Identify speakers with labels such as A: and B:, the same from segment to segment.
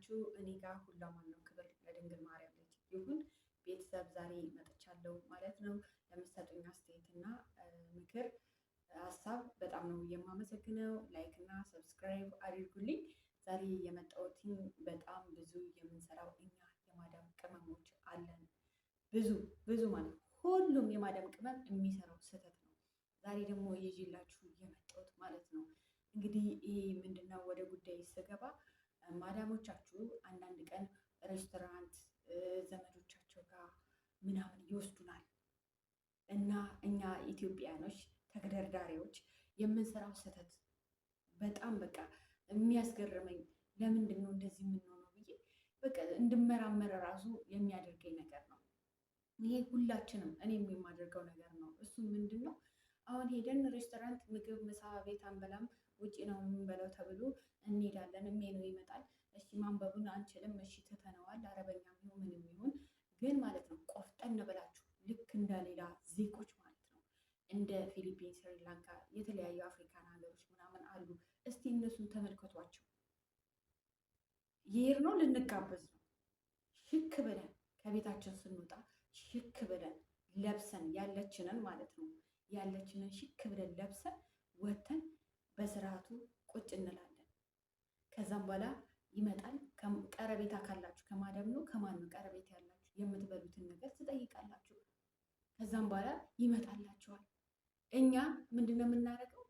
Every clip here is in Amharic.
A: ናችሁ? እኔ ጋር ሁላም ነው። ክብር ለድንግል ማርያም ልጅ ይሁን። ቤተሰብ ዛሬ መጥቻለሁ ማለት ነው። ለምትሰጡኝ አስተያየትና ምክር ሀሳብ በጣም ነው የማመሰግነው። ላይክ እና ሰብስክራይብ አድርጉልኝ። ዛሬ የመጣሁትን በጣም ብዙ የምንሰራው እኛ የማዳም ቅመሞች አለን። ብዙ ብዙ ማለት ሁሉም የማዳም ቅመም የሚሰራው ስህተት ነው። ዛሬ ደግሞ ይዤላችሁ የመጣሁት ማለት ነው እንግዲህ ይህ ምንድነው ወደ ጉዳይ ስገባ ማዳሞቻችሁ አንዳንድ ቀን ሬስቶራንት ዘመዶቻቸው ጋር ምናምን ይወስዱናል እና እኛ ኢትዮጵያኖች ተግደርዳሪዎች የምንሰራው ስህተት በጣም በቃ የሚያስገርመኝ ለምንድን ነው እንደዚህ የምንሆነው ብዬ በቃ እንድመራመር ራሱ የሚያደርገኝ ነገር ነው። ይሄ ሁላችንም እኔም የማደርገው ነገር ነው። እሱ ምንድን ነው አሁን ሄደን ሬስቶራንት ምግብ ምሳ ቤት አንበላም ውጪ ነው የምንበላው ተብሎ እንሄዳለን። ነው ይመጣል። እሺ ማንበቡን አንችልም። እሺ ትተነዋል። አረበኛ ይሁን ምንም ይሁን ግን ማለት ነው ቆፍጠን ብላችሁ ልክ እንደ ሌላ ዜጎች ማለት ነው እንደ ፊሊፒን፣ ስሪላንካ የተለያዩ አፍሪካን ሀገሮች ምናምን አሉ። እስቲ እነሱን ተመልከቷቸው። ይሄር ነው ልንጋበዝ ነው ሽክ ብለን ከቤታችን ስንወጣ ሽክ ብለን ለብሰን ያለችንን ማለት ነው ያለችንን ሽክ ብለን ለብሰን ወተን በስርዓቱ ቁጭ እንላለን። ከዛም በኋላ ይመጣል። ቀረቤታ ካላችሁ ከማደም ነው ከማን ነው ቀረቤታ ያላችሁ የምትበሉትን ነገር ትጠይቃላችሁ። ከዛም በኋላ ይመጣላችኋል። እኛ ምንድን ነው የምናደርገው?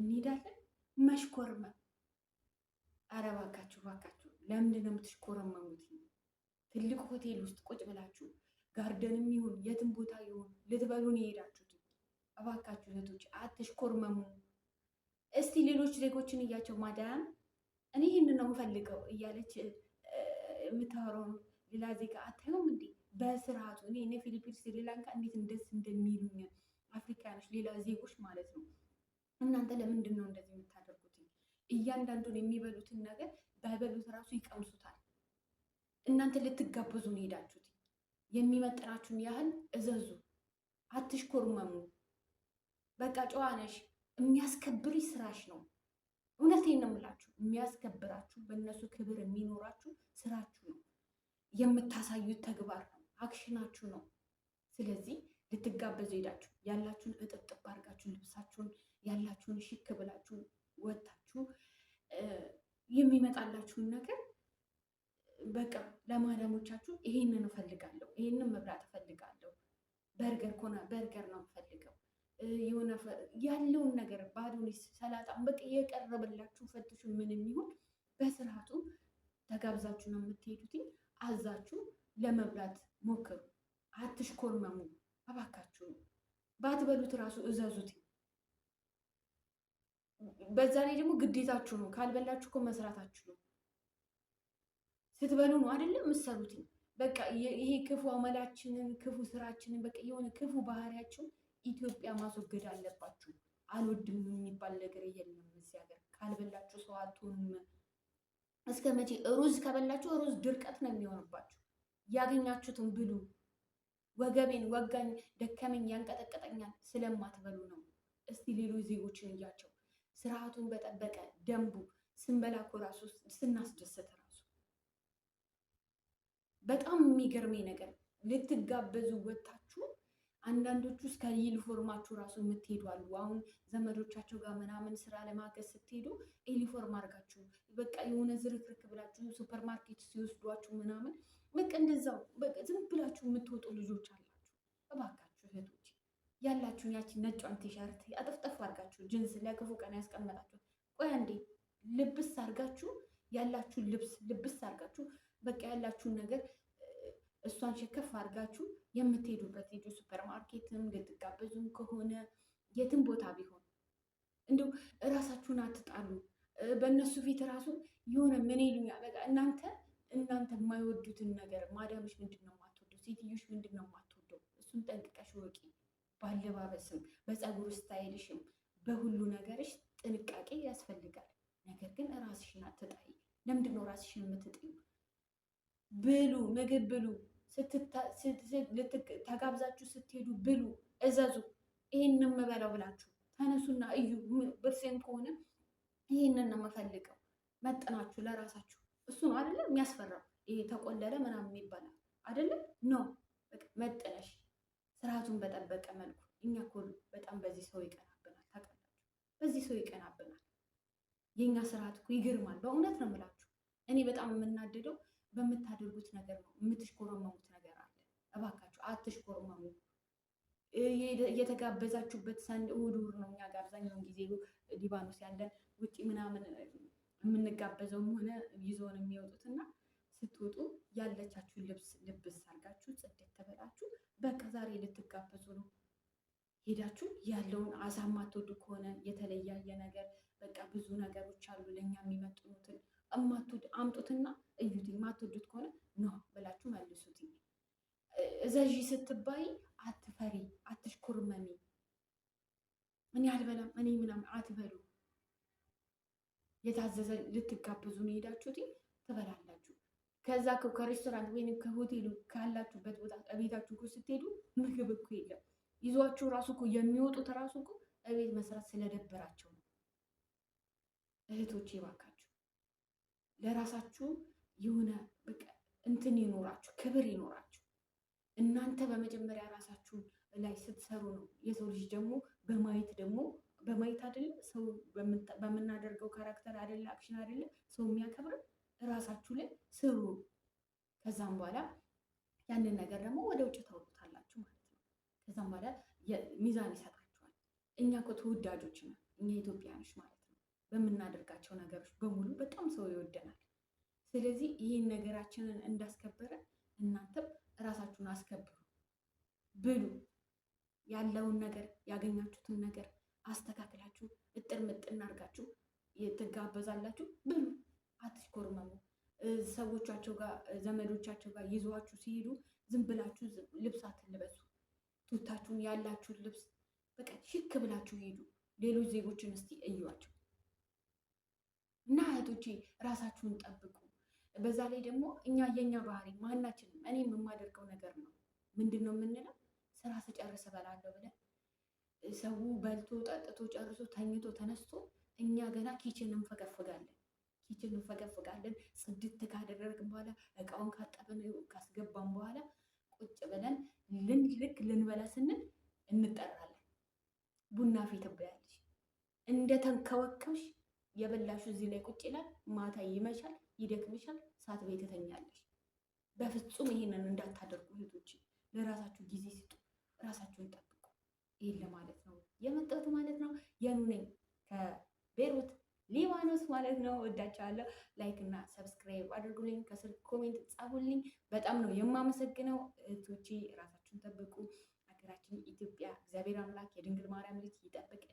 A: እንሄዳለን መሽኮርመም። ኧረ እባካችሁ እባካችሁ፣ ለምንድን ነው የምትሽኮረመሙት? ትልቅ ሆቴል ውስጥ ቁጭ ብላችሁ ጋርደንም ይሁን የትም ቦታ ይሁን ልትበሉን የሄዳችሁት፣ እባካችሁ እህቶች አትሽኮርመሙ። እስቲ ሌሎች ዜጎችን እያቸው ማዳያ እኔ ይህን ነው የምፈልገው እያለች የምታወራው ሌላ ዜጋ አታዩም እንዴ? በስርዓቱ እኔ እኔ ፊሊፒንስ ስሪላንካ እንዴት እንደስ እንደሚሉኝ አፍሪካኖች ሌላ ዜጎች ማለት ነው። እናንተ ለምንድን ነው እንደዚህ የምታደርጉት? እያንዳንዱን የሚበሉትን ነገር ባይበሉት ራሱ ይቀምሱታል። እናንተ ልትጋበዙ ነው ሄዳችሁት። የሚመጥናችሁን ያህል እዘዙ፣ አትሽኮርመሙ። በቃ ጨዋ ነሽ የሚያስከብርሽ ስራሽ ነው። እውነቴን ነው የምላችሁ፣ የሚያስከብራችሁ በእነሱ ክብር የሚኖራችሁ ስራችሁ ነው፣ የምታሳዩት ተግባር ነው፣ አክሽናችሁ ነው። ስለዚህ ልትጋበዙ ሄዳችሁ ያላችሁን እጥብጥብ አድርጋችሁ ልብሳችሁን ያላችሁን ሽክ ብላችሁ ወታችሁ የሚመጣላችሁን ነገር በቃ ለማዳሞቻችሁ ይሄንን እፈልጋለሁ፣ ይሄንን መብላት እፈልጋለሁ፣ በርገር ከሆነ በርገር ነው የምፈልገው የሆነ ያለውን ኑሪስ ሰላጣ በቃ የቀረበላችሁ ፈትሹ። ምን የሚሆን በስርዓቱ ተጋብዛችሁ ነው የምትሄዱት። አዛችሁ ለመብላት ሞክሩ። አትሽኮርመሙ እባካችሁ። ባትበሉት እራሱ እዘዙት። በዛ ላይ ደግሞ ግዴታችሁ ነው። ካልበላችሁ እኮ መስራታችሁ ነው። ስትበሉ ነው አይደለም የምትሰሩት። በቃ ይሄ ክፉ አመላችንን፣ ክፉ ስራችንን፣ በቃ የሆነ ክፉ ባህሪያችን ኢትዮጵያ ማስወገድ አለባችሁ። አልወድም የሚባል ነገር የለም። እዚህ ሀገር ካልበላችሁ ሰው አትሆኑም። እስከ መቼ ሩዝ ከበላችሁ ሩዝ ድርቀት ነው የሚሆንባችሁ። ያገኛችሁትን ብሉ። ወገቤን ወጋኝ፣ ደከመኝ፣ ያንቀጠቀጠኛል ስለማትበሉ ነው። እስቲ ሌሎች ዜጎችን እያቸው። ስርዓቱን በጠበቀ ደንቡ ስንበላ እኮ ራሱ ስናስደሰት ራሱ በጣም የሚገርመኝ ነገር ልትጋበዙ ወታችሁ አንዳንዶቹ እስከ ዩኒፎርማችሁ ራሱ የምትሄዱ አሉ። አሁን ዘመዶቻቸው ጋር ምናምን ስራ ለማገዝ ስትሄዱ ዩኒፎርም አድርጋችሁ በቃ የሆነ ዝርክርክ ብላችሁ ሱፐር ማርኬት ሲወስዷችሁ ምናምን በቃ እንደዛው በቃ ዝም ብላችሁ የምትወጡ ልጆች አላችሁ። እባካችሁ እህቶች ያላችሁን ያቺን ነጯን ቲሸርት አጠፍጠፍ አድርጋችሁ ጅንስ ለክፉ ቀን ያስቀመጣችሁ ቆይ አንዴ ልብስ አድርጋችሁ ያላችሁን ልብስ ልብስ አድርጋችሁ በቃ ያላችሁን ነገር እሷን ሸከፍ አድርጋችሁ የምትሄዱበት ሄዱ ሱፐር ማርኬትም ልትጋበዙም ከሆነ የትም ቦታ ቢሆን እንዲሁ እራሳችሁን አትጣሉ። በእነሱ ፊት ራሱ የሆነ ምን ይሉኛል በቃ እናንተ እናንተ የማይወዱትን ነገር ማዳምሽ ምንድን ነው የማትወደው? ሴትዮሽ ምንድን ነው የማትወደው? እሱን ጠንቅቀሽ ወቂ። ባለባበስም፣ በፀጉር ስታይልሽም፣ በሁሉ ነገርሽ ጥንቃቄ ያስፈልጋል። ነገር ግን ራስሽን አትጣይ። ለምንድን ነው ራስሽን የምትጥዩ? ብሉ፣ ምግብ ብሉ። ተጋብዛችሁ ስትሄዱ ብሉ፣ እዘዙ። ይህን የምበላው ብላችሁ ተነሱና እዩ። ብርሴን ከሆነ ይህንን ነው የምፈልገው። መጥናችሁ ለራሳችሁ እሱ ነው አይደለም የሚያስፈራው። ይሄ ተቆለለ ምናምን ይባላል አይደለም ነው መጥነሽ ስርዓቱን በጠበቀ መልኩ እኛ እኮ በጣም በዚህ ሰው ይቀናብናል። ታውቃላችሁ፣ በዚህ ሰው ይቀናብናል። የእኛ ስርዓት እኮ ይግርማል በእውነት ነው የምላችሁ እኔ በጣም የምናደደው በምታደርጉት ነገር ነው የምትሽኮረመሙት ነገር አለ። እባካችሁ አትሽኮረመሙ። የተጋበዛችሁበት ሰንድ እሑድ እሑድ ነው። እኛ ጋር አብዛኛውን ጊዜ ሊባኖስ ያለን ውጭ ምናምን የምንጋበዘውም ሆነ ይዞን የሚወጡት እና ስትወጡ ያለቻችሁን ልብስ ልብስ አድርጋችሁ ጽድት ተበላችሁ። በቃ ዛሬ ልትጋበዙ ነው ሄዳችሁ ያለውን አሳ ማትወዱ ከሆነ የተለያየ ነገር በቃ ብዙ ነገሮች አሉ ለእኛ የሚመጥኑትን እማትወድ አምጡትና እዘዢ ስትባይ አትፈሪ፣ አትሽኮርመሚ። እኔ አልበላም እኔ ምናምን አትበሉ። የታዘዘ ልትጋብዙ ነው የሄዳችሁት፣ ትበላላችሁ። ከዛ ከሬስቶራንት ወይም ከሆቴሉ ካላችሁበት ቦታ እቤታችሁ እኮ ስትሄዱ ምግብ እኮ የለም። ይዟችሁ ራሱ እኮ የሚወጡት ራሱ እኮ እቤት መስራት ስለደበራቸው ነው። እህቶቼ ባካችሁ ለራሳችሁ የሆነ እንትን ይኖራችሁ፣ ክብር ይኖራችሁ። እናንተ በመጀመሪያ ራሳችሁ ላይ ስትሰሩ ነው። የሰው ልጅ ደግሞ በማየት ደግሞ በማየት አይደለ ሰው በምናደርገው ካራክተር አይደለ አክሽን አይደለ ሰው የሚያከብረን ራሳችሁ ላይ ስሩ። ከዛም በኋላ ያንን ነገር ደግሞ ወደ ውጭ ታወጡታላችሁ ማለት ነው። ከዛም በኋላ ሚዛን ይሰጣችኋል። እኛ እኮ ተወዳጆች ነው እኛ ኢትዮጵያኖች ማለት ነው። በምናደርጋቸው ነገሮች በሙሉ በጣም ሰው ይወደናል። ስለዚህ ይህን ነገራችንን እንዳስከበረ እናንተም ራሳችሁን አስከብሩ፣ ብሉ። ያለውን ነገር ያገኛችሁትን ነገር አስተካክላችሁ እጥር ምጥን አድርጋችሁ ትጋበዛላችሁ። ብሉ፣ አትሽኮርመሙ። ሰዎቻቸው ጋር ዘመዶቻቸው ጋር ይዟችሁ ሲሄዱ ዝም ብላችሁ ልብስ አትልበሱ። ቱታችሁን ያላችሁት ልብስ በቃ ሽክ ብላችሁ ሄዱ። ሌሎች ዜጎችን እስቲ እዩዋቸው እና እህቶቼ ራሳችሁን ጠብቁ። በዛ ላይ ደግሞ እኛ የኛ ባህሪ ማናችንም እኔ የማደርገው ነገር ነው። ምንድን ነው የምንለው? ስራ ስጨርስ እበላለሁ ብለን ሰው በልቶ ጠጥቶ ጨርሶ ተኝቶ ተነስቶ እኛ ገና ኪችን እንፈገፍጋለን። ኪችን እንፈገፍጋለን። ጽድት ካደረግን በኋላ እቃውን ካጠብን ካስገባን በኋላ ቁጭ ብለን ልንልክ ልንበላ ስንል እንጠራለን። ቡና ፊት ትበያለሽ፣ እንደተንከወከብሽ የበላሹ እዚህ ላይ ቁጭ ይላል። ማታ ይመሻል። ይደክምሻል፣ ሳትበይ ትተኛለሽ። በፍጹም ይሄንን እንዳታደርጉ እህቶች፣ ለራሳችሁ ጊዜ ስጡ፣ ራሳችሁን ጠብቁ። ይህን ለማለት ነው የመጣሁት ማለት ነው። የኑ ነኝ ከቤሩት ሊባኖስ ማለት ነው። ወዳችኋለሁ። ላይክ እና ሰብስክራይብ አድርጉልኝ፣ ከስር ኮሜንት ጻፉልኝ። በጣም ነው የማመሰግነው እህቶቼ። ራሳችሁን ጠብቁ። ሀገራችን ኢትዮጵያ እግዚአብሔር አምላክ የድንግል ማርያም ልጅ ይጠብቅ።